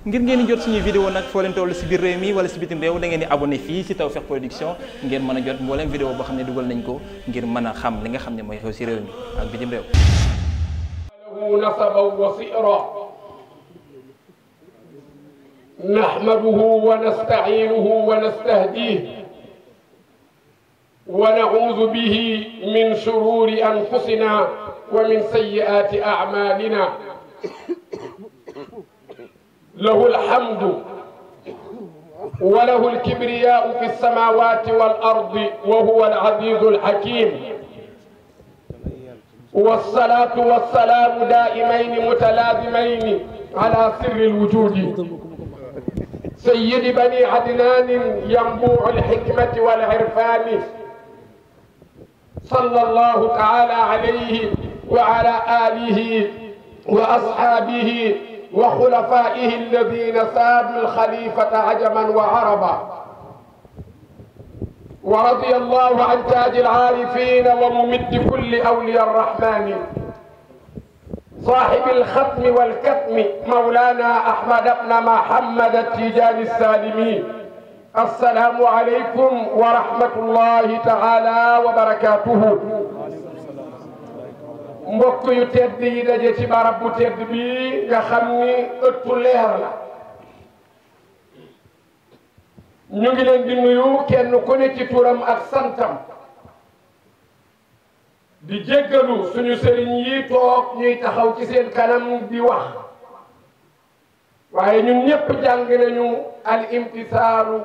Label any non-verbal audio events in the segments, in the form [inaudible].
ngir ngeen di jot suñuy vidéo nag foo si biir réew mi wala si bitim réew da ngeen di abonné fii si Tawfekh Production ngeen mën a jot mbooleem vidéo boo xam ne dugal nañ ko ngir mën a xam li nga xam ne mooy xew si réew mi ak bitim réew lahu nasaban wa sira wa nasta'inuhu wa nastahdiih ونعوذ به له الحمد وله الكبرياء في السماوات والأرض وهو العزيز الحكيم والصلاة والسلام دائمين متلازمين على سر الوجود سيد بني عدنان ينبوع الحكمة والعرفان صلى الله تعالى عليه وعلى آله وأصحابه وخلفائه الذين سادوا الخليفة عجما وعربا ورضي الله عن تاج العارفين وممد كل أولياء الرحمن صاحب الختم والكتم مولانا أحمد بن محمد التيجان السالمين السلام عليكم ورحمة الله تعالى وبركاته mbokk yu tedd yi daje ci barab bu tedd bi nga xam ni ëpp leer la ñu ngi leen di nuyu kenn ku ne ci turam ak santam di jéggalu suñu sëriñ yi toog ñuy taxaw ci seen kanam di wax waaye ñun ñépp jàng nañu al imtisaaru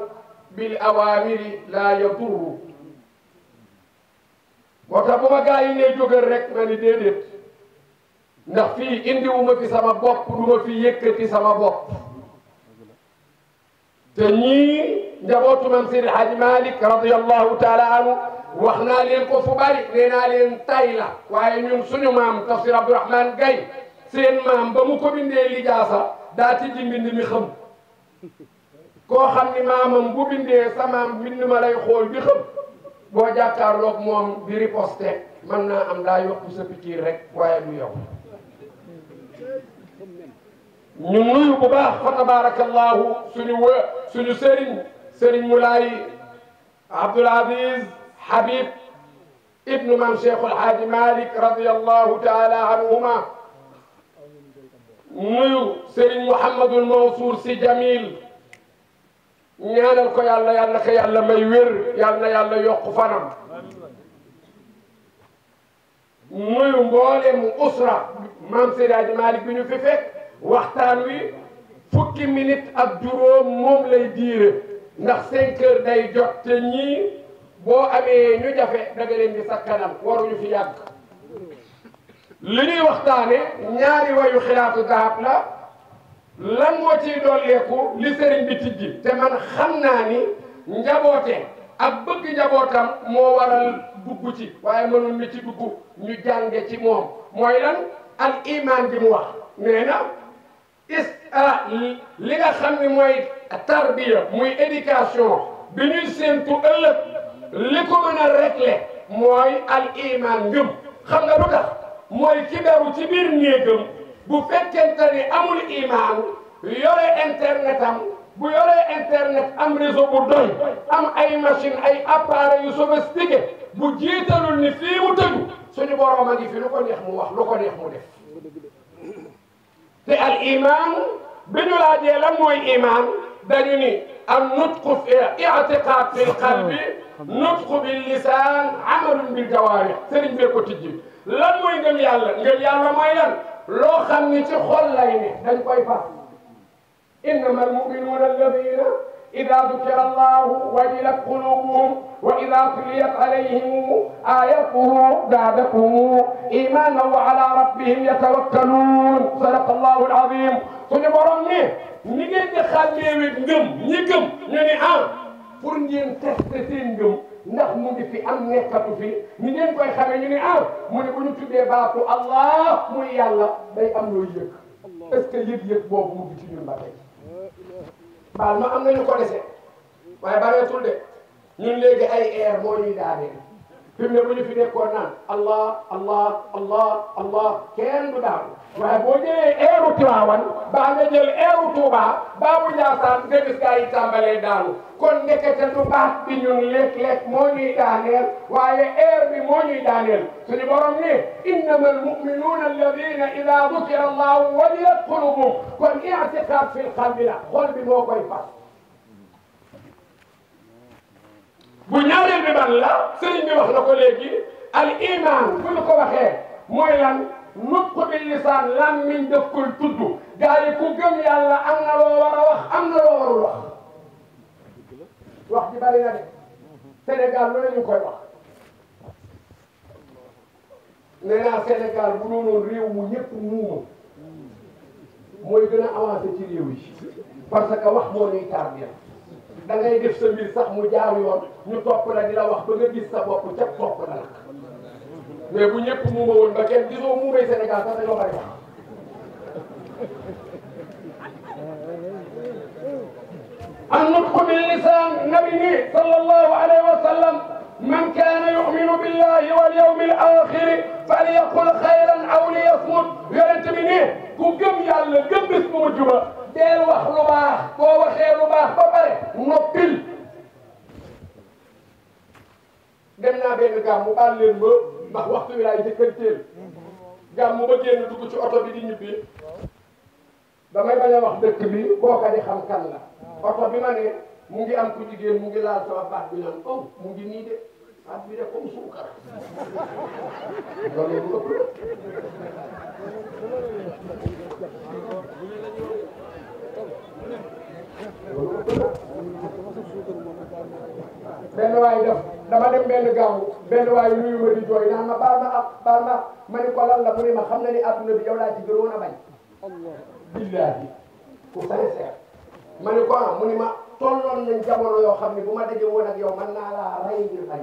bil awaamiri laa yadurru moo bu ma gaa yi ne jógal rek ma ni déedéet ndax fii indiwuma fi sama bopp du ma fi yëkkati sama bopp te ñii njabootu mam Seydi Hadji Malick radiyallahu taala anhu wax naa leen ko fu bari nee naa leen tay waaye ñun suñu maam tafsir Abdourahmane Gaye seen maam ba mu ko bindee lijaasa daa ci mi xam koo xam ni maamam bu bindee sa maam mbind ma lay xool bi xam boo jàkkaarloog moom di riposte mën naa am daa yokku sa pikiir rek waaye du yow ñu nuyu bu baax fa tabarakallahu suñu wë suñu sëriñ sëriñ Moulay Abdoul Aziz Habib ibnu mam Cheikhul Haaji Malik radiyallahu taala anhuma nuyu sëriñ Mouhamadul Mansour si Jamil ñaanal ko yàlla yàlla ko yàlla may wér yàlla yàlla yokk fanam nuyu mboolemu usra maam Seydi Malick bi ñu fi fekk waxtaan wi fukki minute ak juróom moom lay diire ndax cinq heures day jot te ñii boo amee ñu jafe daga leen di sakkanal waruñu fi yàgg li ñuy waxtaane ñaari wayu xilaasu dahab la lan moo ciy dolleeku li sëriñ bi tijji te man xam naa ni njaboote ak bëgg njabootam moo waral dugg ci waaye mënoon na ci dugg ñu jànge ci moom mooy lan al iman bi mu wax nee na is li nga xam ni mooy tarbiya muy éducation bi ñuy séentu ëllëg li ko mën a régler mooy al iman ngëm xam nga lu tax mooy ci biir néegam bu fekkente ni amul imaan yore internet am bu yore internet am réseau bu doy am ay machine ay appareil yu sophistiqué bu jiitalul ni fii mu tëju suñu borom a ngi fi lu ko neex mu wax lu ko neex mu def te al iman bi ñu laajee lan mooy iman dañu ni am nutqu fi i'tiqad fi qalbi nutqu bil lisan amalun bil jawarih sëriñ bee ko tijji lan mooy ngëm yàlla ngëm yàlla mooy lan loo xam ni ci xol lay ne dañ koy fas innama almuminuuna alladina ida dukira allahu wajilat qulubuhum wa ida tuliyat alayhim ayatuhu zaadakum imanan wa ala rabbihim yatawakkaluun sadaqa allahu alazim suñu borom ni ñi ngeen di xàmmeewee ngëm ñi gëm ñu ni ah pour ngeen tester seen ngëm ndax mu ngi fi am nekkatu fi ñu ngeen koy xamee ñu ne ah mu ne bu ñu tuddee baatu allah muy yàlla day am looy yëg est ce que yëg-yëg boobu mu ngi ci ñun tey baal ma am nañu ko dese waaye bareetul de ñun léegi ay air moo ñuy daaneel fi mu ne bu ñu fi nekkoon naan allah allah allah allah kenn du daal waaye boo jëlee eeru Tiwaawan baa nga jël eeru Tuuba baa bu Njaasaan nga gis gaa yi tàmbalee daalu kon ndekete du baax bi ñun léeg-léeg moo ñuy daaneel waaye eer bi moo ñuy daaneel suñu borom ne innama almuminuuna alladina ida dukira allahu waliyat qulubuhum kon i'tiqaad fi lqalbi la xol bi moo koy fas bu ñaareel bi ban la sëriñ bi wax na ko léegi al iman bu ñu ko waxee mooy lan nutq bi lisaan làmmiñ daf koy tudd gaa yi ku gëm yàlla am na loo war a wax am na loo warul wax wax ji bari na de Sénégal lu ne koy wax nee naa Sénégal bu doonoon réew mu ñëpp muuma mooy gën a avancé ci réew yi parce que wax moo ñuy tarbiya da ngay def sa sax mu jaar yoon ñu topp la di wax ba nga gis sa bopp ca topp la nag bu ñëpp muuma woon ba kenn gisoo muumay Sénégal sax dañoo bari wax النطق باللسان نبي صلى الله عليه وسلم من كان يؤمن بالله واليوم الآخر فليقل خيرا أو ليصمت يرتمنيه كو قم يالا قم اسمه جبا deel wax lu baax boo waxee lu baax ba pare noppil dem naa benn gàmmu baal leen ba ndax waxtu wi laay jëkkanteel gàmmu ba génn dugg ci oto bi di ñibbi damay bañ a wax dëkk bi boo ko di xam kan la oto bi ma mu ngi am ku jigéen mu ngi laal sama baat bi naan oh mu ngi nii de baat bi de comme suukar [laughs] loolu lu ëpp benn waay def dama dem benn gaaw benn waay ma di jooy naan ma baal ma ab ah, ma ma ko lan la mu ne ma xam na ni adduna bi yow laa ci gën woon a bañ. billaahi ku sincère ma ni ko ah mu ni ma tolloon nañ jamono yoo xam ne bu ma daje woon ak yow man naa laa rey ngir bañ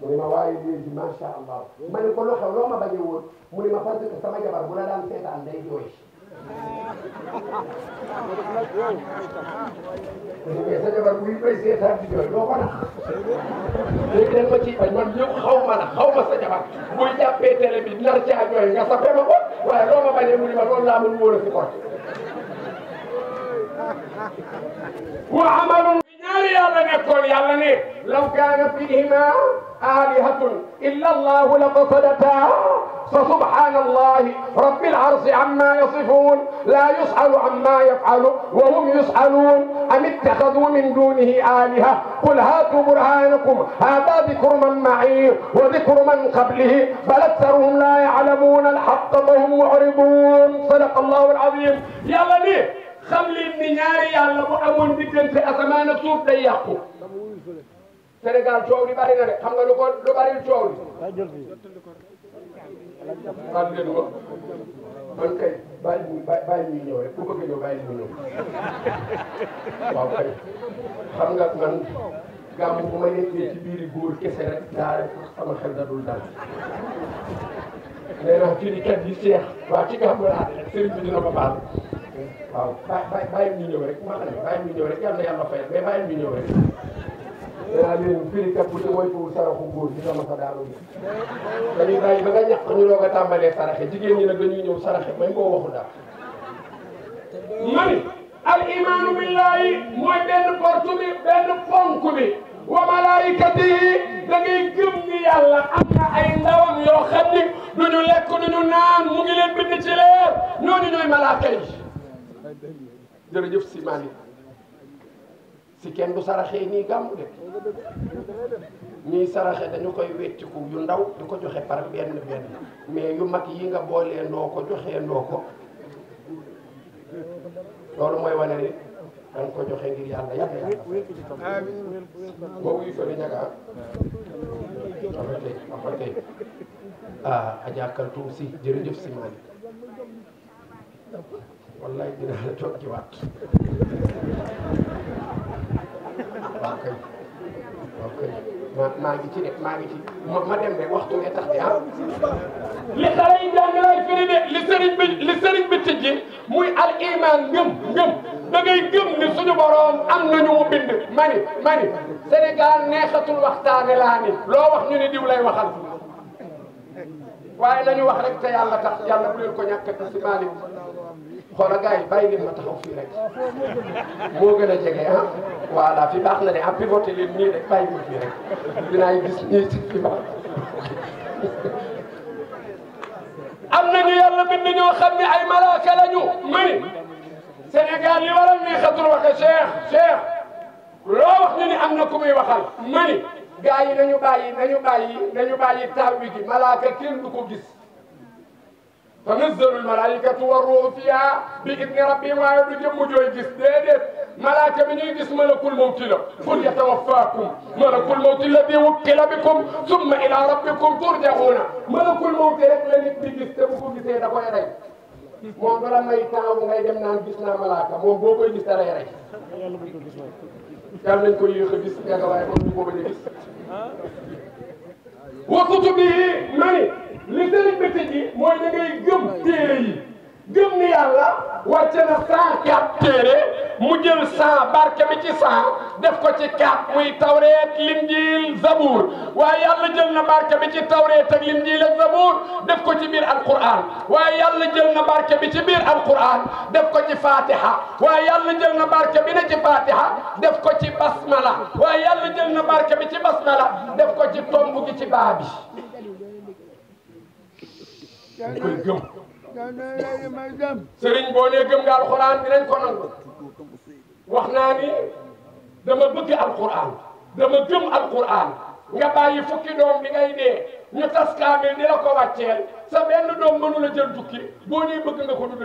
mu ni ma waaye léegi macha allah ma ni ko loo xew loo ma bañee woon mu ni ma parce que sama jabar bu la daan léegi sa jabar buy béy seetaan di jooy doo ko nax léegi dañ ma ciy bañ man ñëw xaw ma na xaw ma sa jabar buy jàppee télé bi nar caa jooy nga sapé ma ko waaye loo ma bañee mu ni ma loolu laa mën wóor a si kor wa amalun fi yàlla nekkoon yàlla ne law kaana fihima alihatun illa allahu lafasadataa fa subhana allahi rabbil arsi amma yasifun la yusalu amma yafalu wa hum yusalun am ittaxadu min dunihi aliha qul hatu burhanakum hada dikru man ma'i wa dikru man qablihi bal aktharuhum la ya'lamun alhaqqa fahum mu'ridun sadaqa allahu alazim yàlla ne xam leen ni ñaari yàlla bu amoon diggante asamaan ak suuf day na de xam nga lu ko lu bari coow li xam ngeen ko man kay bàyyi ñu bàyyi ñu ñëw rek ku bëgg ñëw bàyyi ñu ñëw waaw kay xam man gàmm bu ma nekkee ci biiri góor kese rek daa rek sama xel da dul dal nee naa firi kat yi seex waa ci gàmm laa sëriñ bi dina waaw ba bàyyi ñu ñëw rek maa xam ne bàyyi ñu ñëw rek yàlla yàlla fayal mais bàyyi ñu ñëw rek. danaa leen firi kat bu te woy foofu saraxu góor ci sama sa daanu bi dañuy bàyyi ba nga ñàkk ñu doog a tàmbalee saraxe jigéen ñi nag dañuy ñëw saraxe may koo waxu dara mani al imaanu billahi mooy benn porte bi benn ponk bi wa malaayikati yi da ngay gëm ni yàlla am na ay ndawam yoo xam ni du ñu lekk du ñu naan mu ngi leen bind ci leer ñooñu ñooy malaaka yi jërëjëf si Malick si kenn du saraxee nii gàmmu de ñii saraxe dañu koy wecciku yu ndaw di ko joxe par benn benn mais yu mag yi nga boolee ndoo ko joxee ndoo ko loolu mooy wane ne da nga ko joxe ngir yàlla yàlla yàlla boobu yu fële ñaga waxal ah. tey waxal tey ah ajakal tuum si jërëjëf si Malick wallaay dinaa la toog ci waat waaw kay waaw kay ma maa ngi ci de maa ngi ci ma dem de waxtu bi tax de ah. li xale yi jàng laay firi de li sëriñ bi li sëriñ bi tijji muy al iman ngëm ngëm da ngay gëm ni suñu borom am nañu mu bind mani mani Sénégal neexatul waxtaane laa ni loo wax ñu ne diw lay waxal. waaye nañu wax rek te yàlla tax yàlla bu leen ko ñàkk a si xoola gars yi bàyyi leen ma taxaw fii rek moo gën a jege ah voilà fi baax na de am ah, pivoté leen nii rek bàyyi ma fii rek dinaay gis ñii fi baax am nañu yàlla bind ñoo xam ne ay malaaka lañu mani Sénégal li waral ni xatul waxe Cheikh Cheikh loo wax ñu ni am na ku muy waxal mani gars yi nañu bàyyi nañu bàyyi nañu bàyyi taw bi gi malaaka kenn du ko gis tanazzalul malaayikatu warruuhu fiihaa bi idni rabbihim waaye du jëmm jooy gis déedéet malaaka mi ñuy gis malakul mawti la qul yatawaffaakum malakul mawti llazii wukkila bikum summa ilaa rabbikum turja'uuna malakul mawti rek la nit di gis te bu ko gisee da koy rey moom bala may taamu ngay dem naan gis naa malaaka moom boo koy gis da lay rey. yàlla nañ ko yéex a gis yàlla waaye kon ñu ko bañ a gis wa kutubihi mani li sëriñ bi tëjee mooy da ngay gëm téere yi gëm ni yàlla wàcce na cent quatre téere mu jël cent barke bi ci cent def ko ci quatre muy tawreet linjiil zabuur waaye yàlla jël na barke bi ci tawreet ak linjiil ak zabuur def ko ci biir al alquran wa yàlla jël na barke bi ci biir alquran def ko ci fatiha waaye yàlla jël na barke bi na ci fatiha def ko ci basmala waaye yàlla jël na barke bi ci basmala def ko ci tomb gi ci baabi dañ koy gëm. sëriñ boo nee gëm nga alxuraan dinañ ko nangu. wax naa ni dama bëgg alxuraan dama gëm alxuraan nga bàyyi fukki doom bi ngay dee ñu tas kaamil ni la ko wàcceel sa benn doom mënu la jël tukki boo nee bëgg nga ko du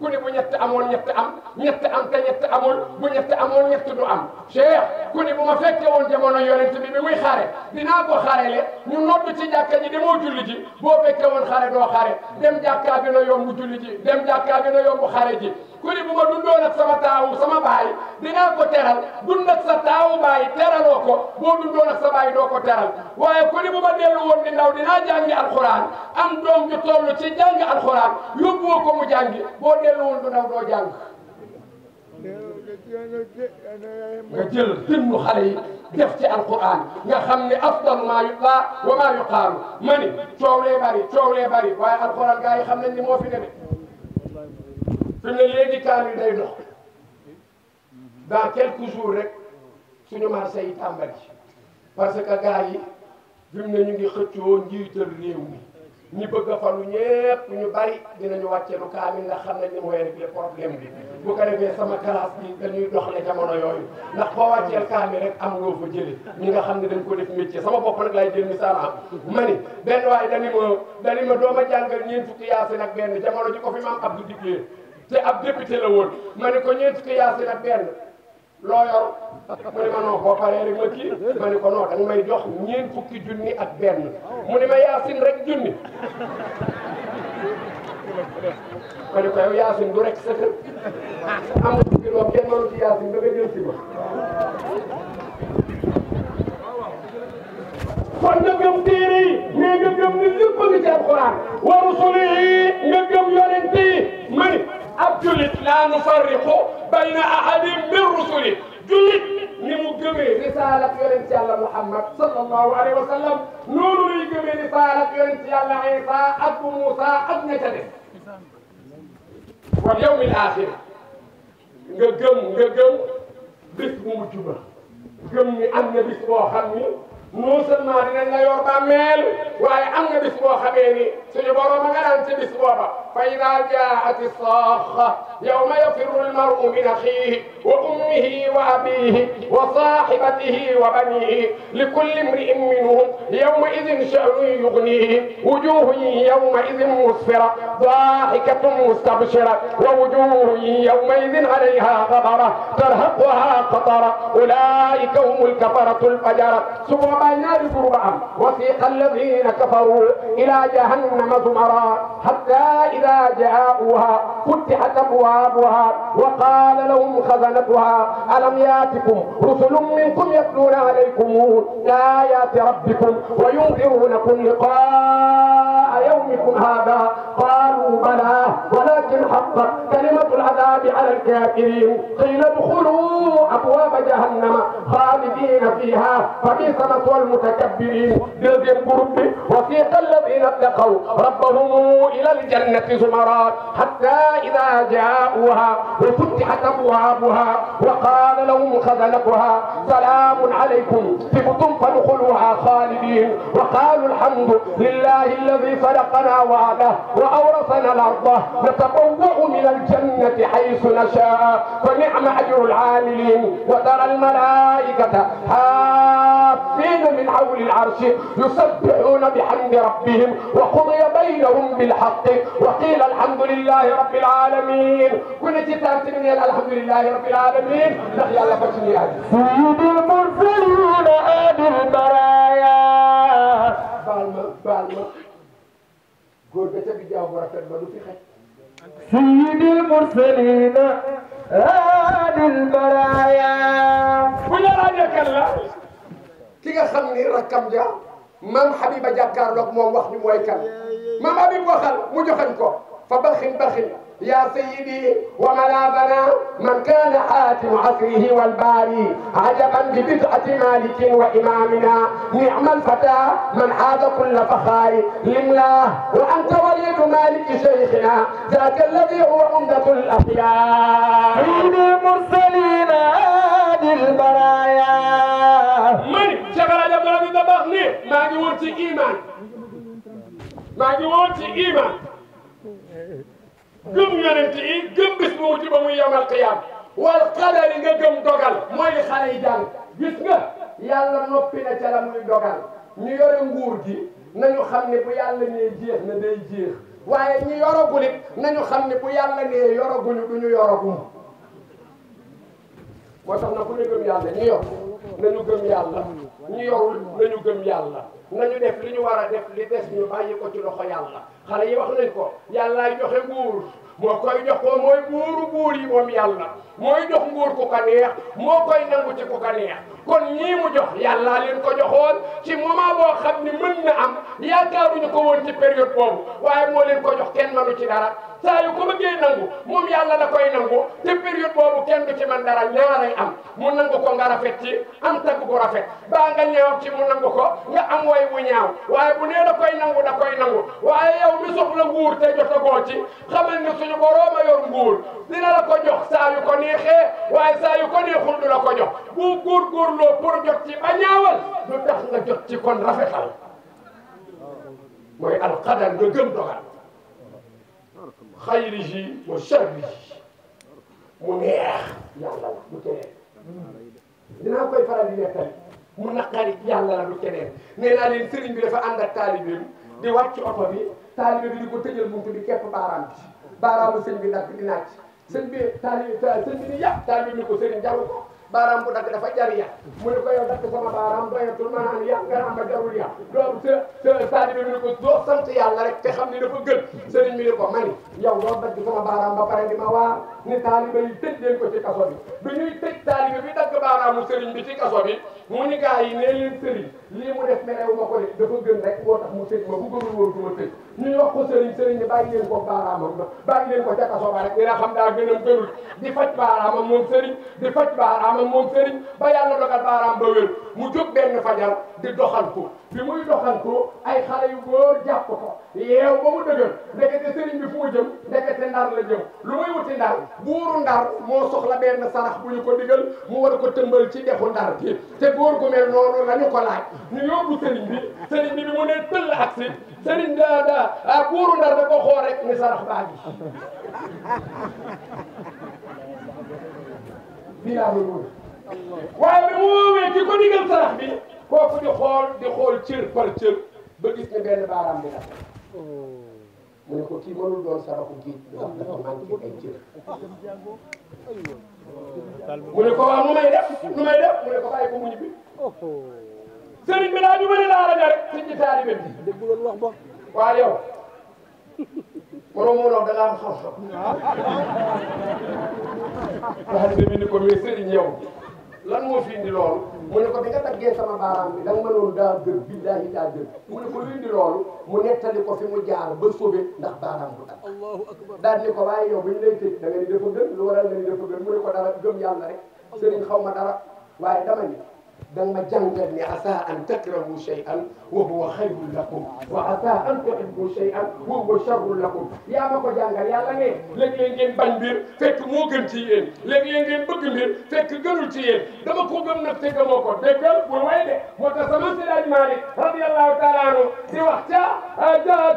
mu ne bu ñett amoon ñett am ñett am te ñett amul bu ñett amoon ñett du am cheikh ku ne bu ma fekke woon jamono yonent bi bi muy xare dinaa ko xarele ñu nodd ci jàkka ji demoo julli ji boo fekke woon xare doo xare dem jàkkaa gën a yomb julli ji dem jàkkaa gën a yomb xare ji ku ne bu ma dundoon ak sama taawu sama baay dinaa ko teral dund ak sa taawu baay teraloo ko boo dundoon sa baay doo ko teral waaye ku ne bu ma dellu woon di ndaw dinaa jàngi alxuraan am doom ju toll ci jàngi alxuraan yóbbuwoo delluwul du ndaw doo jàng nga jël timlu xale yi def ci alquran nga xam ne afdalu maa yutlaa wa maa yuqaalu ma ni coow lee bari coow lee bari waaye alquran gaa yi xam nañ ni moo fi ne de fi mu ne léegi kaan yi day dox dans quelques jours rek suñu marché yi tàmbali parce que gaa yi fi mu ne ñu ngi xëccoo njiital réew mi ñi bëgg a falu ñépp ñu bari dinañu wàcce lu kaamil ndax xam nañu mooy régler problème bi bu ko defee sama classe bi dañuy doxale jamono yooyu ndax boo wàcceel kaamil rek am loo fa jële ñi nga xam ne dañ ko def métier sama bopp nag laay jël misaal am ma ni benn waaye dani ma dani ma dooma jàngal ñeent fukki yaasin ak benn jamono ji ko fi maam Abdou diglee te ab député la woon ma ni ko ñeent fukki yaasin ak benn loo mu ne ma non boo paree rek ma kii ma ne ko non danga may jox ñeent fukki junni ak benn mu ne ma yaasin rek junni ma ne ko yow yaasin du rek sëkk am na fukki doom kenn mënu ci yaasin ba nga jël si ma kon nga gëm téere yi mais nga gëm ni lépp a ngi ci alxuraan wa rusuli yi nga gëm yonent yi ma ni ab julit laa nufarriqu bayna ahadin min rusuli julit ni mu gëmee risaalat yonent yàlla Muhammad sallallahu alayhi wa sallam noonu lay gëmee risaalat yonent yàlla Isa ak bu Moussa ak ña ca def wal yawmil axir nga gëm nga gëm bis bu mujj ba gëm ni am na bis boo xam ni non seulement dinañ la yor bàmmeel waaye am nga bis boo xamee ni suñu borom a nga daan ci bis booba fa ida jaat saaxa yawma yafiru almaru min axiihi wa ummihi wa abiihi wa saaxibatihi wa baniihi li kulli imri'in minhum yawma idin sha'nun yugniihi wujuhun yawma idin musfira daahikatun mustabshira wa wujuhun yawma idin alayha qadara tarhaquha qatara ulaika hum alkafaratu alfajara waaye ñaari tur ba am wasiqa alladina kafaru ila jahannama zumara hatta ida jaauha futtihat abwaabuha wa qala lahum xazanatuha alam yaatikum rusulun minkum yatluuna alaykum ayati rabbikum wa yundirunakum liqaa يومكم هذا قالوا بلى ولكن حقت كلمة العذاب على الكافرين قيل ادخلوا أبواب جهنم خالدين فيها فبئس مثوى المتكبرين دلدل قرب وسيق الذين اتقوا ربهم إلى الجنة زمرات حتى إذا جاءوها وفتحت أبوابها وقال لهم خزنتها سلام عليكم تبتم فادخلوها خالدين وقالوا الحمد لله الذي صنع خلقنا وعده وأورثنا الأرض نتبوأ من الجنة حيث نشاء فنعم أجر العاملين وترى الملائكة حافين من حول العرش يسبحون بحمد ربهم وقضي بينهم بالحق وقيل الحمد لله رب العالمين كل جتات من الحمد لله رب العالمين نحيا الله بشنيات سيد المرسلين jaaw bu rafet ba du fi xëj sayyidil mursalina adil baraya bu ñu laajee kan la ki nga xam ni rakkam ja maam Habiba jàkkaarloog moom wax ñu mooy kan maam Habib waxal mu joxañ ko fa baxin baxin يا سيدي وملاذنا من كان حاتم عصره والباري عجبا ببدعة مالك وإمامنا نعم الفتى من حاد كل فخار لله وأنت وليد مالك شيخنا ذاك الذي هو عمدة الأخيار سيدي مرسلين للبرايا من شغل على بلد الضباغ ليه ما يقول إيمان ما يقول إيمان gëm yonent yi gëm bis bu wuti mu muy yomal qiyaam wal qadari nga gëm dogal mooy li xale yi jàng gis nga yàlla noppi na ca la muy dogal ñu yore nguur gi nañu xam ne bu yàlla nee jeex na day jeex waaye ñi yoragul it nañu xam ne bu yàlla nee yoraguñu du ñu yoragum moo tax na ku ne gëm yàlla ñu yor nañu gëm yàlla ñu yorul nañu gëm yàlla nañu def li ñu war a def li des ñu bàyyi ko ci loxo yàlla xale yi wax nañ ko yàlla yàllaay joxe nguur moo koy jox ko mooy buuru buur yi moom yàlla mooy jox nguur ku ko neex moo koy nangu ci ku ko neex kon ñii mu jox yàlla leen ko joxoon ci moment boo xam ni mën na am yaakaaruñu ko woon ci période boobu waaye moo leen ko jox kenn manu ci dara ko bëggee nangu moom yàlla la koy nangu te période boobu kenn du ci man dara ñaaray am mu nangu ko nga rafet ci am tagg bu rafet baa nga ñaaw ci mu nangu ko nga am way bu ñaaw waaye bu nee da koy nangu da koy nangu waaye yow mi soxla nguur te jotagoo ci xamal ni suñu boroom a yor nguur la ko jox saa yu ko neexee waaye saa yu ko neexul du la ko jox bu góorgóorloo pour jot ci ba ñaawal lu tax nga jot ci kon rafetal mooy alqadar nga gëm dogal mu neex yàlla la keneen dinaa koy faral di nekkal mu naqari yàlla la du keneen naa leen bi dafa ànd ak di wàcc oto bi taalibe bi di ko tëjal buntu bi képp baaraam bi baaraamu sëñ bi dagg di naaj sëñ bi taali sëñ bi ni yàq taali ni ko sëriñ jaru ko baaraam bu dagg dafa jar yàq mu ne ko yow dagg sama baaraam doyatul maanaam yàq nga naan ma jarul yàq donc sa taali bi mu ne ko doo sant yàlla rek te xam gën sëriñ bi ni ko mani yow doo dagg sama baaraam ba pare di ma waar ni taaliba yi tëj leen ko ci kaso bi du ñuy tëj taaliba bi dagg baaraamu sëriñ bi ci kaso bi mu ni gaa yi nee lii mu def merew ma ko de dafa gën rek moo tax mu tëj ma bu gënul woon du ma tëj ñu wax ko sëriñ sëriñ bi bàyyi leen ko baaraamam ba bàyyi leen ko ca kaso ba a dina xam daa gënam gënul di faj baaraamam moom sëriñ di faj baaraamam moom sëriñ ba yàlla dogal baaraam ba wér mu jóg benn fajar di doxal ko bi muy doxal ko ay xale yu góor jàpp ko yeew ba mu dëgër ndekete sëriñ bi fu mu jëm ndekete ndar la jëm lu muy wuti ndar buuru ndar moo soxla benn sarax bu ñu ko digal mu war ko tëmbal ci dexu ndar bi te góor gu mel noonu la ñu ko laaj ñu yóbbu sëriñ bi sëriñ bi bi mu ne tëll ak si sëriñ da a buuru ndar da ko xool rek ni sarax baa daa [laughs] bi laa waaye bi mu woowee ci ko digal sarax bi kooku di xool di xool cër par cër ba gis ne benn baaraam bi dafa mu ne ko kii mënul doon saraxu géej ndax dafa manqué ay cër mu ne ko waaw nu may def nu may def mu ne ko bàyyi bi laa ñu bëri laa la rek sëñ bi bi dégguloon wax ba waaw yow borom moo da ngaa am bi ni ko mais sëriñ yow lan moo fi indi loolu mu ne ko bi nga daggee sama baaraam bi da nga mënoon daa gër billahi daa gër mu ne ko luy di loolu mu nettali ko fi mu jaar ba sobe ndax baaraam bu tag daal ni ko waaye yow bu ñu lay tëj da ni dafa gën lu waral nga ni dafa gën mu ne ko dara gëm yàlla rek sëriñ xaw ma dara waaye dama ni danga ma jàngal ne asa an takrahu shay'an wa huwa xayrun lakum wa asa an tuhibbu shay'an wa huwa sharrun lakum yaa ma ko jàngal yàlla ne léeg-léeg ngeen bañ mbir fekk moo gën ci yéen léeg-léeg ngeen bëgg mbir fekk gënul ci yéen dama ko gëm nag te gëmoo ko déggal bu way de moo tax sama Seydi Malick radiyallahu taala anhu di wax ca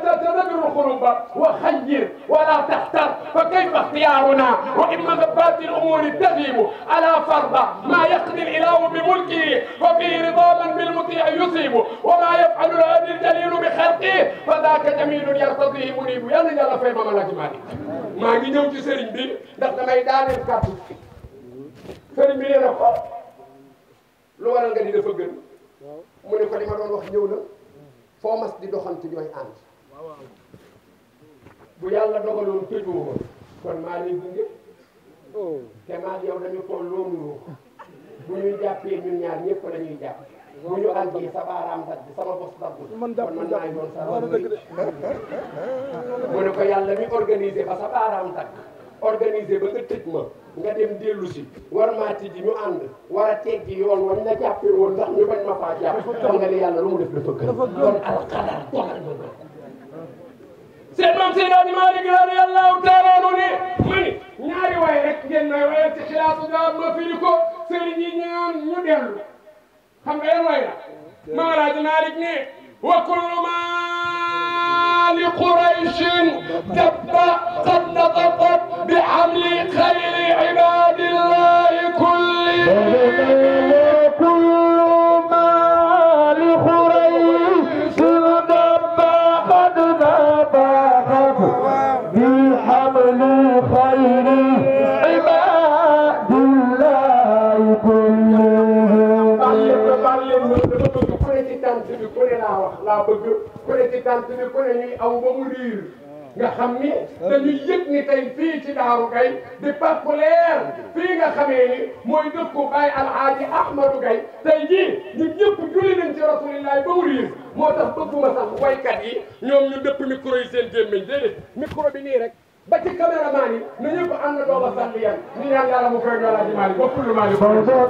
tadabirul xuruba wa xayyir wala taxtar fa kayfa ixtiyaaruna wa imma batil umuri taxibu ala farda ma yaqdi ilahu bi mulkihi وفيه رضا من بالمطيع يصيب وما يفعل الأبي الجليل بخلقه فذاك جميل يرتضيه منيب yàlla yàlla fay ma Malaji maa ngi ñëw ci sëriñ bi ndax damay daaneel kàddu sëriñ bi nee na ko lu nga di dafa gën mu ne ko li doon wax ñëw na foo mas di doxante ñooy ànd bu yàlla dogaloon tëjoo woon kon maa lay gunge te maa yow dañu ko loolu bu ñuy jàppee ñun ñaar ñëpp la ñuy jàpp bu ñu àggee sa baaraam dagg sama bos daggul man maay doon sa mu ne ko yàlla mi organisé ba sa baaraam dagg ba nga tëj ma nga dem dellu si war maa tijji ñu ànd war a teggi yoon wañ la jàppee woon ndax ñu bañ nga ne mu def dafa gën kon alxadar doxal ma ko seen maam seen daal ñaari waay rek ngeen may wayal ci xilaasu daal ma ko sëriñ yi ñaan ñu dellu xam nga yan way la maalaaj Maalik ne wa kullu ma li qurayshin dabba qad nataqat bi hamli xayri ibadillahi kull aw ba mu riir nga xam ni dañuy yëg ni tey fii ci Daaru Gaye di Pape Leer fii nga xamee ni mooy dëkku Baay Alhaaji Ahmadou Gaye tey jii ñun ñëpp julli nañ ci rasulillahi ba mu riir moo tax bëgguma sax waykat yi ñoom ñu dëpp micro yi seen gémmiñ déedéet micro bi nii rek ba ci caméraman yi na ñëpp ànd doo ba sànni yan ñu ñaan yàlla mu fay ñoolaa ji maali ba kullu maali ba kullu maali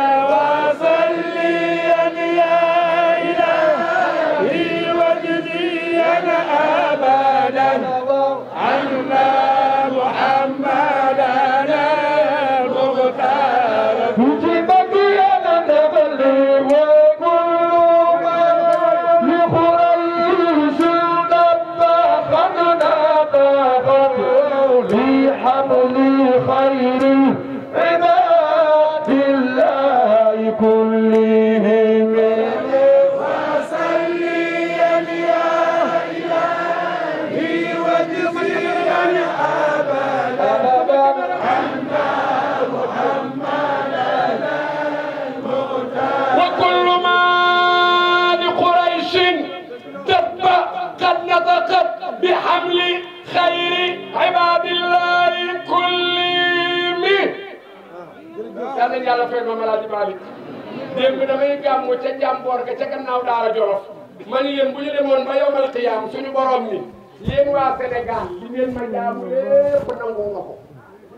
damay gàmmu ca jàmboor ga ca gannaaw daara jolof ma ni yéen bu ñu demoon ba yomal xiyaam suñu borom ni yéen waa Sénégal li ngeen ma jaamu lépp nangu ma ko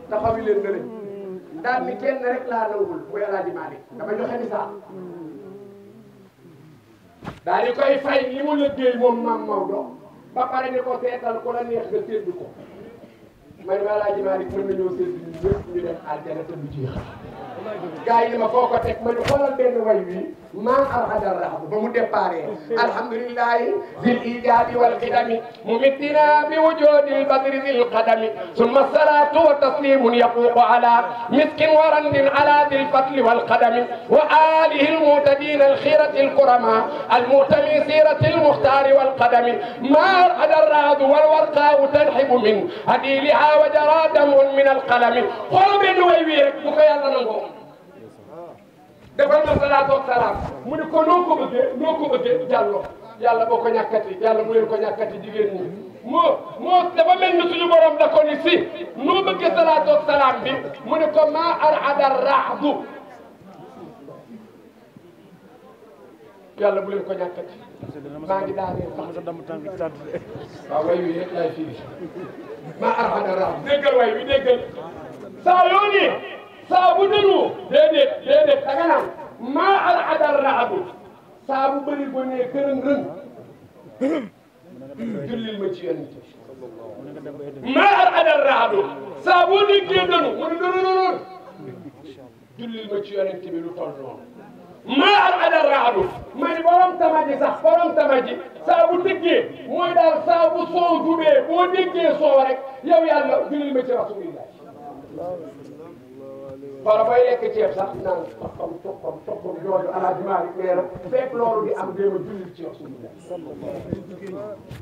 taxawi leen ne leen daal mi kenn rek laa nangul bu yàlla di dama joxe misaal daal fay li mu lëggéey moom maam Maodo ba pare ni ko seetal ku la neex nga séddu ko ma ne ma laaj maa ne mën nañoo seetlu ñun ñëpp ñu dem àjjana te du jeex. gars yi dama foo ko teg ma ne xoolal benn way wi maa arxadar raxbu ba mu déparé. alhamdulilahi zil ijaadi wal xidami mumittina bi wujudil badri zil qadami summa salatu wa taslimun yaququ ala miskin wa randin ala dil fadli wal qadami wa alihi المعتدين الخيرة الكرماء المؤتمي سيرة المختار والقدم ما أرحد الرعد والورقاء تنحب من هدي لها illa wa jara damun min alqalami xool benn way wii rek bu ko yàlla nangoo defal ma salaatu wa salaam mu ne ko noo ko bëggee noo ko bëggee jàllo yàlla boo ko ñàkkati yàlla bu leen ko ñàkkati jigéen ñi moo moo dafa mel ni suñu borom da ko ni si noo bëggee salaatu wa salaam bi mu ne ko maa arada rahdu yàlla bu leen ko ñàkkati maa ngi daanee sax waaw way wii rek laay firi maa arxana raam déggal waay wi déggal saa yoo ne saa bu dënu déedéet déedéet danga naan maa arxana raam saa bu bëri ba nee gërëm rën jullil ma ci yonent bi maa arxana raam saa boo déggee dënu mu ne dënu dënu jullil ma ci yonent bi lu toll noonu maa arxana raam ma ne borom tamaji sax borom tamaji saa bu déggee mooy daal saa bu soow jubee boo déggee soow rek yow yàlla jëlal ma ci rasulillah wala bay lekk ceeb sax naan toppam toppam toppam jooju alaaji Maalik nee na fekk loolu di am déema jullit ci rasulillah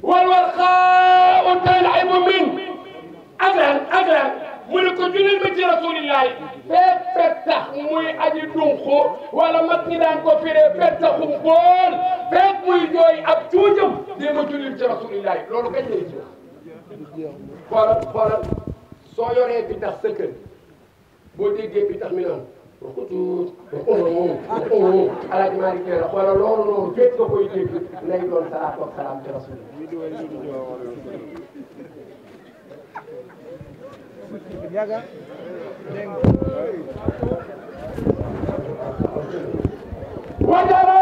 wal war xaa un tayl aybu min agar agar mu ne ko julil ma ci rasulillahi fee pettax muy aji dunqu wala mag ñi daan ko firee pettaxum bool feet muy jooy ab cuujam dee loolu kañ lay jëf xoolal xoolal soo yoree bi tax sa kër boo bi tax mi naan waxutu waxutu alaaji maa ngi la loolu noonu fekk nga koy dégg lay doon salaatu wa salaam ci rasulillahi Yaga. وجرى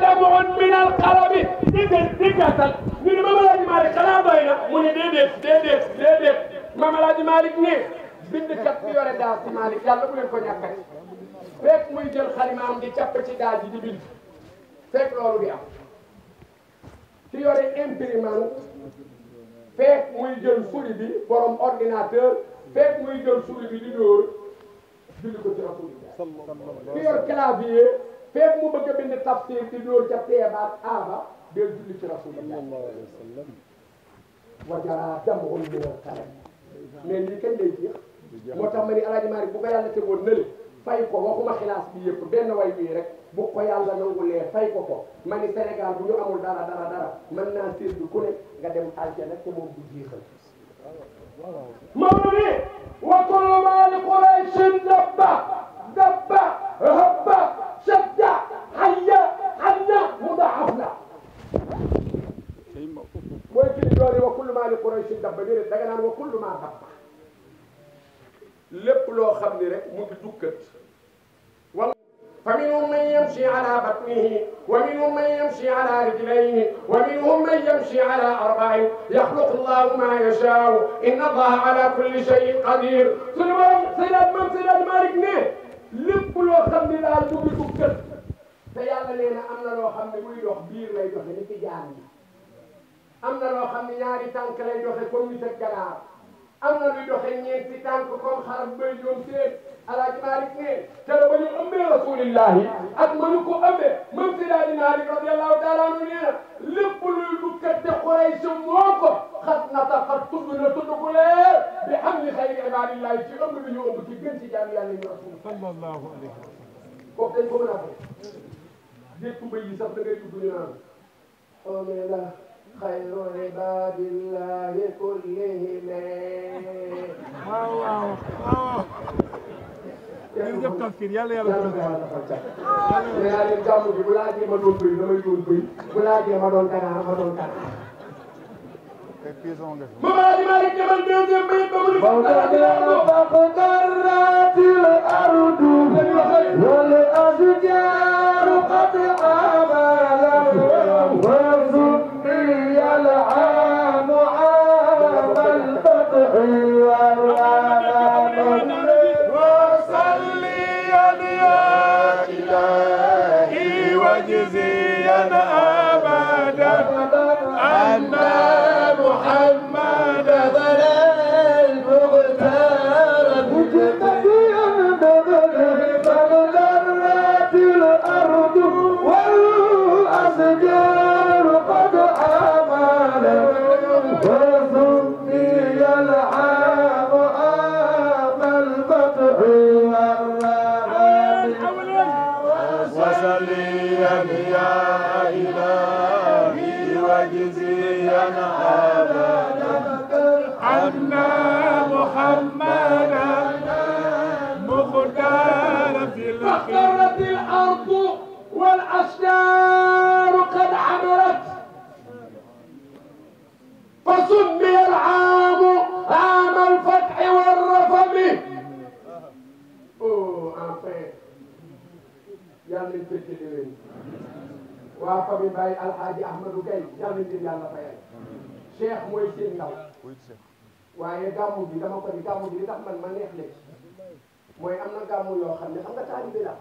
تبع من القلب ديدت ديكاتك من ماما لاج مالك خلا باينا من ديدت ديدت ديدت ماما لاج مالك ني بندكات بي يوري داس مالك يالا بولن كو ñakat fek muy jël xalima am di capp ci daal di bind fek loolu di am ci yore imprimante muy jël furi bi borom ordinateur fekk muy jël suul bi di dóor julli ko ci Rasulullah ki yor clavier fekk mu bëgg a bind di dóor ca teebaat aaba del julli ci Rasulullah wajara damul minal kalam mais lii kañ lay jeex moo tax ma ni Alaaji bu ko yàlla tegoon nële fay ko waxuma xilaas bi yëpp benn way bii rek bu ko yàlla nangulee fay ko ko ma ni bu ñu amul dara dara dara mën naa séddu ku ne nga dem aljana ko moom bu jeexal مولي وكل ما لقريش دبة دبة هبة شدة حية حنة مضاعفنا mooy ci li doori wa kullu maa li quraysh dabba bi rek da nga naan wa kullu maa dabba lépp loo xam ni rek mu ngi dukkat فمنهم من يمشي على بطنه ومنهم من يمشي على رجليه ومنهم من يمشي على أربع يخلق الله ما يشاء إن الله على كل شيء قدير suñu borom Seydina Maam Seydina Malick ne lépp loo xam ne daal mu ngi ko gën te yàlla nee na am na loo xam ne muy dox biir lay doxe ni ci jaam yi am na loo xam ne ñaari tànk lay doxe comme ni sa ganaar am na lu doxe ñeenti tànk comme xar bay ñoom seen alaaji Malick ne te ba ñu ëmbee rasulillahi ak ma ñu ko ëmbee mam si daal di Malick radiyallahu taala anhu nee na lépp luy dukkate Quraysh moo ko na taxat tudd na tudd ko leer bi xam li xayri ibadillahi ci ëmb bi ci gën ci jaam yàlla ñu rasul sallallahu alayhi wa sallam kooku dañ ko mën a ko dépp mbay yi sax da ngay dugg ñu naan oh mais خير عباد الله كلهم waaw waaw waaw jërëjëf tafsir yàlla yàlla yaa leen gàmm bi bu laajee ma doon bëy damay doon bëy bu laajee ma doon ganaar ma doon ganaar ma maa di maa di demal deuxième bayit ba mu fekke déwén waa famille Baye Alxaaji Ahmadou Gaye yal na leen yàlla fayal mooy seen ndaw waaye gàmmu bi dama ko ni gàmmu bi li tax man ma neex leen mooy am na gàmmu yoo xam ne xam taalibe la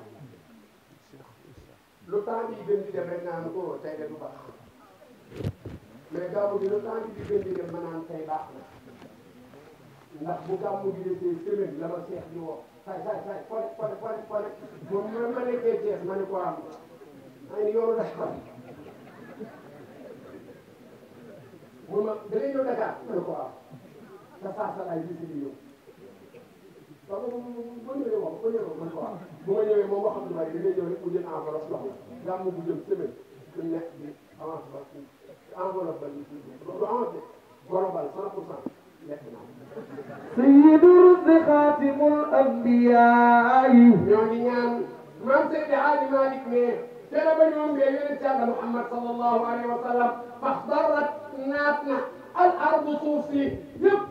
lu temps bi gën di dem rek naan bi lu temps bi ma naan tey baax na ndax bu gàmmu bi desee semaine la ma seex di woo saay saay saay fole fole fole fole moom ma ma nekkee Thiès ma ne ko am ma ne yoonu Dakar mu ma da ngay ñëw Dakar ma ne ko am sa saasa laay gis di ñëw waaw ba ba ñëwee wax ba ñëwee ma ne ko am bu ma ñëwee moom waxatul ma da ngay ñëw rek mu jël enveloppe loxo gàmmu bu jëm semaine du nekk bi avance ba enveloppe ba du avance de gorobal 100 pour cent lekk naa سيد الرزق خاتم الأنبياء ñooñu ñaan maam Seydi Hadji Malick ne te la ba ñoom bee yonent Yàlla Muhammad sallallahu alayhi wa sallam faxdarat naat na al ardu suuf si yëpp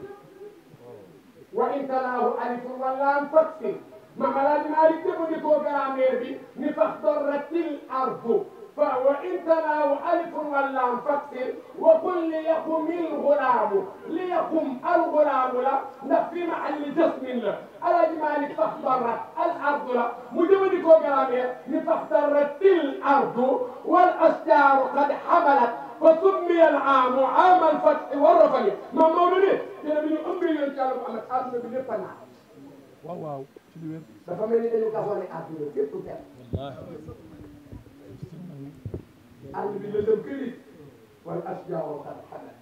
wa in talaahu alifun wa laam faksin maam Alaaji Malick jëfandikoo grammaire bi ni faxdaratil ardu وإن تناو ألف واللام فاكسر وقل ليقم الغلام ليقم الغلام لا نفي محل جسم لا الأجمال فاخترت الأرض لا مجمد كوغرامي فاخترت الأرض والأشجار قد حملت فسمي العام عام الفتح والرفع ما مولودي تنبي أمي ينشال محمد أرض بلفنا واو واو dafa mel ni dañu kasoone àdduna bépp benn àll bi lëndëm kërit wala asjaaru xat xadat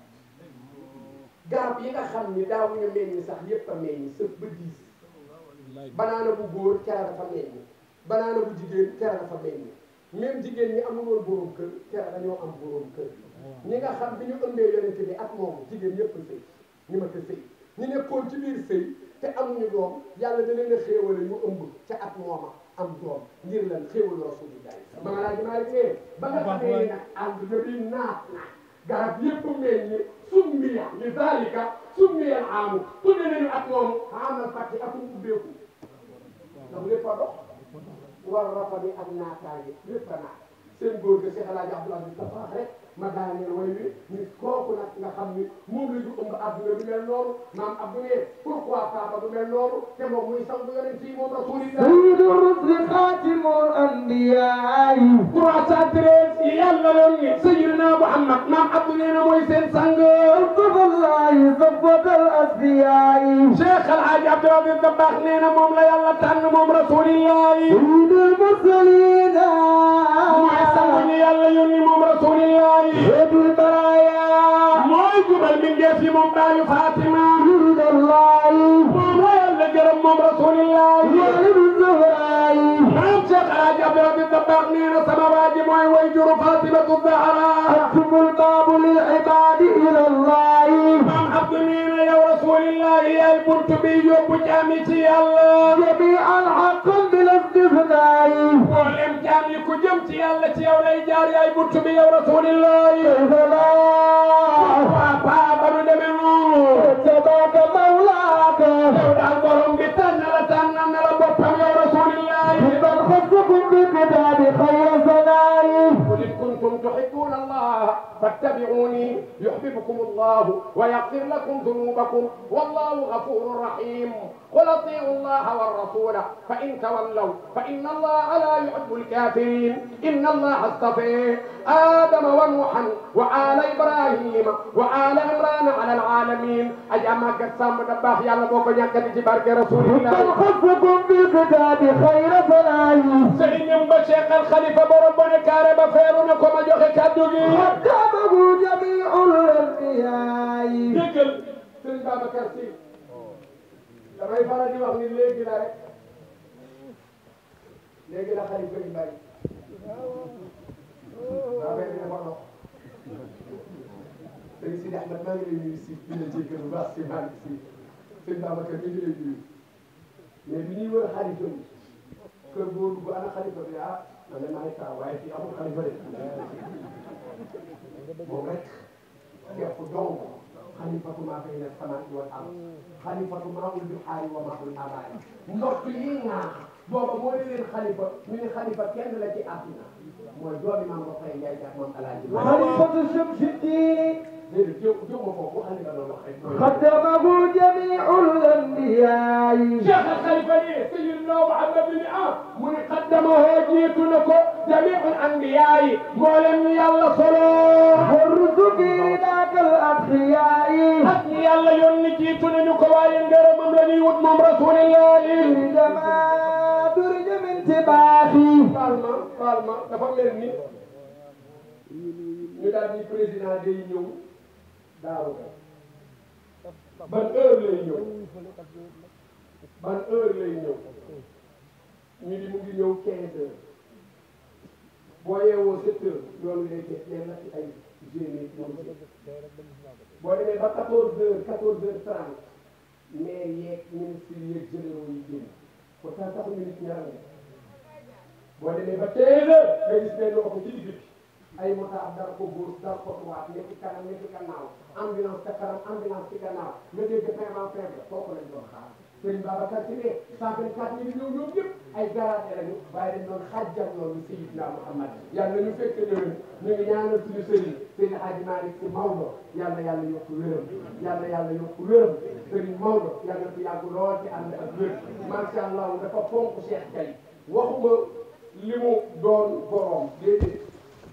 yi nga xam ni daawuñu meññ sax yépp a meññ sëf ba diis banaana bu góor cere dafa meññ banaana bu jigéen cere dafa meññ même jigéen ñi amul woon borom kër cere dañoo am borom kër ñi nga xam bi ñu ëmbee yonente bi ak moom jigéen ñëpp sëy ñu ma ta sëy ñu nekkoon ci biir sëy te amuñu doom yàlla da leen a xéewale ñu ëmb ca at mooma am doom ngir lan xéewal rasulullah maanaam dinaa leen ba nga xamee ne àdduna bi naat na garab yëpp mel ni summiya li zalika summiya al aamu tudde nañu ak moom amal fàtte ak mu ubbeeku ndax lépp a dox war rafet ak naataange lépp a naat seen góor ga Cheikh El Hadj Abdoulaye Moussa rek. ma daaneel way wi ni kooku nag nga xam ni moom la ñu ëmb adduna du mel noonu maam abdu ne pourquoi pas ba du mel noonu te moom muy sangu yonent yi moom rasulillah sayyidu rusli xaatimul anbiyaa trois cent treize yàlla yoon ni sayyidina muhammad maam abdu ne na mooy seen sang قطب الله ثبت الأسبياء شيخ الحاج عبد الرحمن الدباخ نينا موم لا يلا تن موم رسول الله سيد المرسلين موي سمون يلا يوني موم رسول الله هد البرايا موي جبل من جيف موم باي فاطمة سيد الله موم لا يلا جرم موم رسول الله يا الزهراء Hadrati Dabakh nee na sama waa ji mooy way juru Fatimatu Zahra atumul baabu lil ibaadi ila Allah maam Abdu nee na yow rasulillahi yaay bunt bi yóbbu jaam yi ci yàlla jami al haqq bil istifnaa'i mboolem jaam yi ku jëm ci yàlla ci yow lay jaar yaay bunt bi yow rasulillahi Touba فاتبعوني يحببكم الله ويغفر لكم ذنوبكم والله غفور رحيم قل اطيعوا الله والرسول فان تولوا فان الله لا يحب الكافرين ان الله اصطفى ادم ونوحا وال ابراهيم وال عمران على العالمين اجاما قسم دباخ يالا بوكو نياكتي سي بارك رسول الله خفكم بالكتاب خير فلاي سيدنا بشيخ الخليفه بربنا كاربا فيرنا كما جوخي كادوغي خاطبوا جميع الأنبياء déggal Serigne Babacar Sy damay faral di wax ni léegi la rek léegi la xarit bay bay daa mel ni dafa dox Serigne Sidi Ahmed maa ngi lay nuyu si di la jéggal bu baax si Malick si Serigne Babacar ñu ngi lay nuyu mais bi ñuy wër xalifa bi kër góor bu ana xalifa bi ah man de maa ngi saa waaye fii amul xalifa de moom rek képp dong xalifatu maa fay ne samaat wal am xalifatu maa wul bi aay wa maa wul abaay ndox yi naax booba moo ne leen xalifa ñu ne xalifa kenn la ci àddina mooy doomi maam ba fay njaay jaak moom alaaji xalifatu sëb si diini خدمه جميع الأنبياء شيخ الخليفة سيدنا محمد بن عاص من قدمه جيت لكم جميع الأنبياء مولم يلا صلاة الرزق ذاك الأضحياء حسبي يلا يوم جيت لكم وين غير مملني ومم رسول الله لما درج من تباهي قالما قالما دفع ملني ñu daal di président day ñëw daaru ga ban heure lay ñëw ban heure lay ñëw mu ngi ñëw quinze heures boo yeewoo sept heures loolu lay def yenn ci ay génie ñoom boo demee ba quatorze heures quatorze heures trente mais yeeg ministres yeeg généraux yi génn pourtant sax ba treize heures nga gis benn oto ci digg bi ay motaar dara ko góor dara ko tuwaat ne ci kanam ne ci gannaaw ambulance ca kanam ambulance ci gannaaw nga dégg vraiment faible kooku lañ doon xaar sëriñ Babacar Sy ne cent vingt quatre mille ñoom ñoom ñëpp ay garaate lañu waaye dañ doon xajjal loolu Seydina Mouhamad yàlla ñu fekk ñëwen ñu ngi ñaanal suñu sëriñ sëriñ Hadji Malick Sy Maodo yàlla yàlla yokk wéram yàlla yàlla yokk wéram sëriñ Maodo yàlla fi yàgg lool ci ànd ak wér macha allah dafa fonk Cheikh Kay waxuma li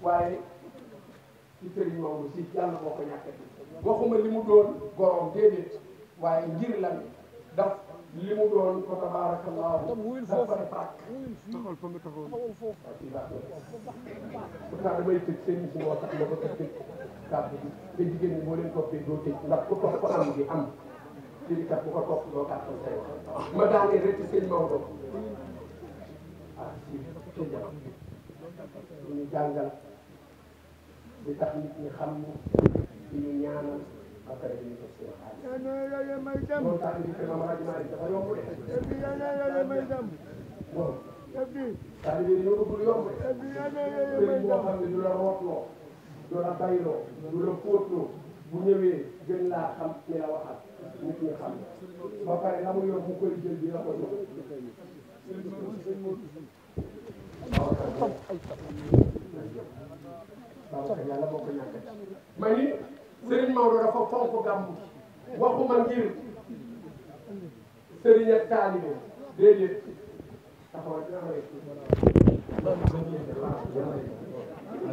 waaye ci sëriñ Maodo si yàlla moo ko ñàkkati waxuma li mu doon goroom déedéet waaye ngir lan daf li mu doon ko tabaarakallaahu daf koy pàkk pourtant damay tëj seen si moo tax ma ko tëj kàddu bi te jigéen ñi boo leen toppee doo tëj ndax ku topp ko am bi am jëli kat bu ko topp doo kàttan say wax ma daanee rek ci sëñ Maodo ah si sëñ Jabi ñu jàngal li tax nit ñi xam ni ñu ñaanal ba pare ñu def seen xaalis. moo tax nit ñi Maam Alaaji Maalik dafa yomb de. bon. taalibe yi ñoo bëgg lu yomb de. sëriñ boo xam ne du la rootloo du la bayloo du la fóotloo bu ñëwee gën laa xam ni la waxal nit ñi xam ba pare la mu yor mu koy jël bi la ko jox. waaw. waaw sax yàlla moo ko ñàkk ma ni Serigne Maodo dafa fonk gàmmu waxuma ngir Serigne ak taalibe déedéet taxawal ah,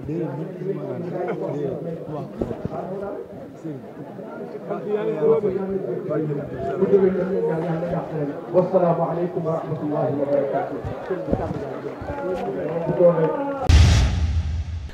dina ma wassalaamu aleykum wa rahmatullahi wa barakatuh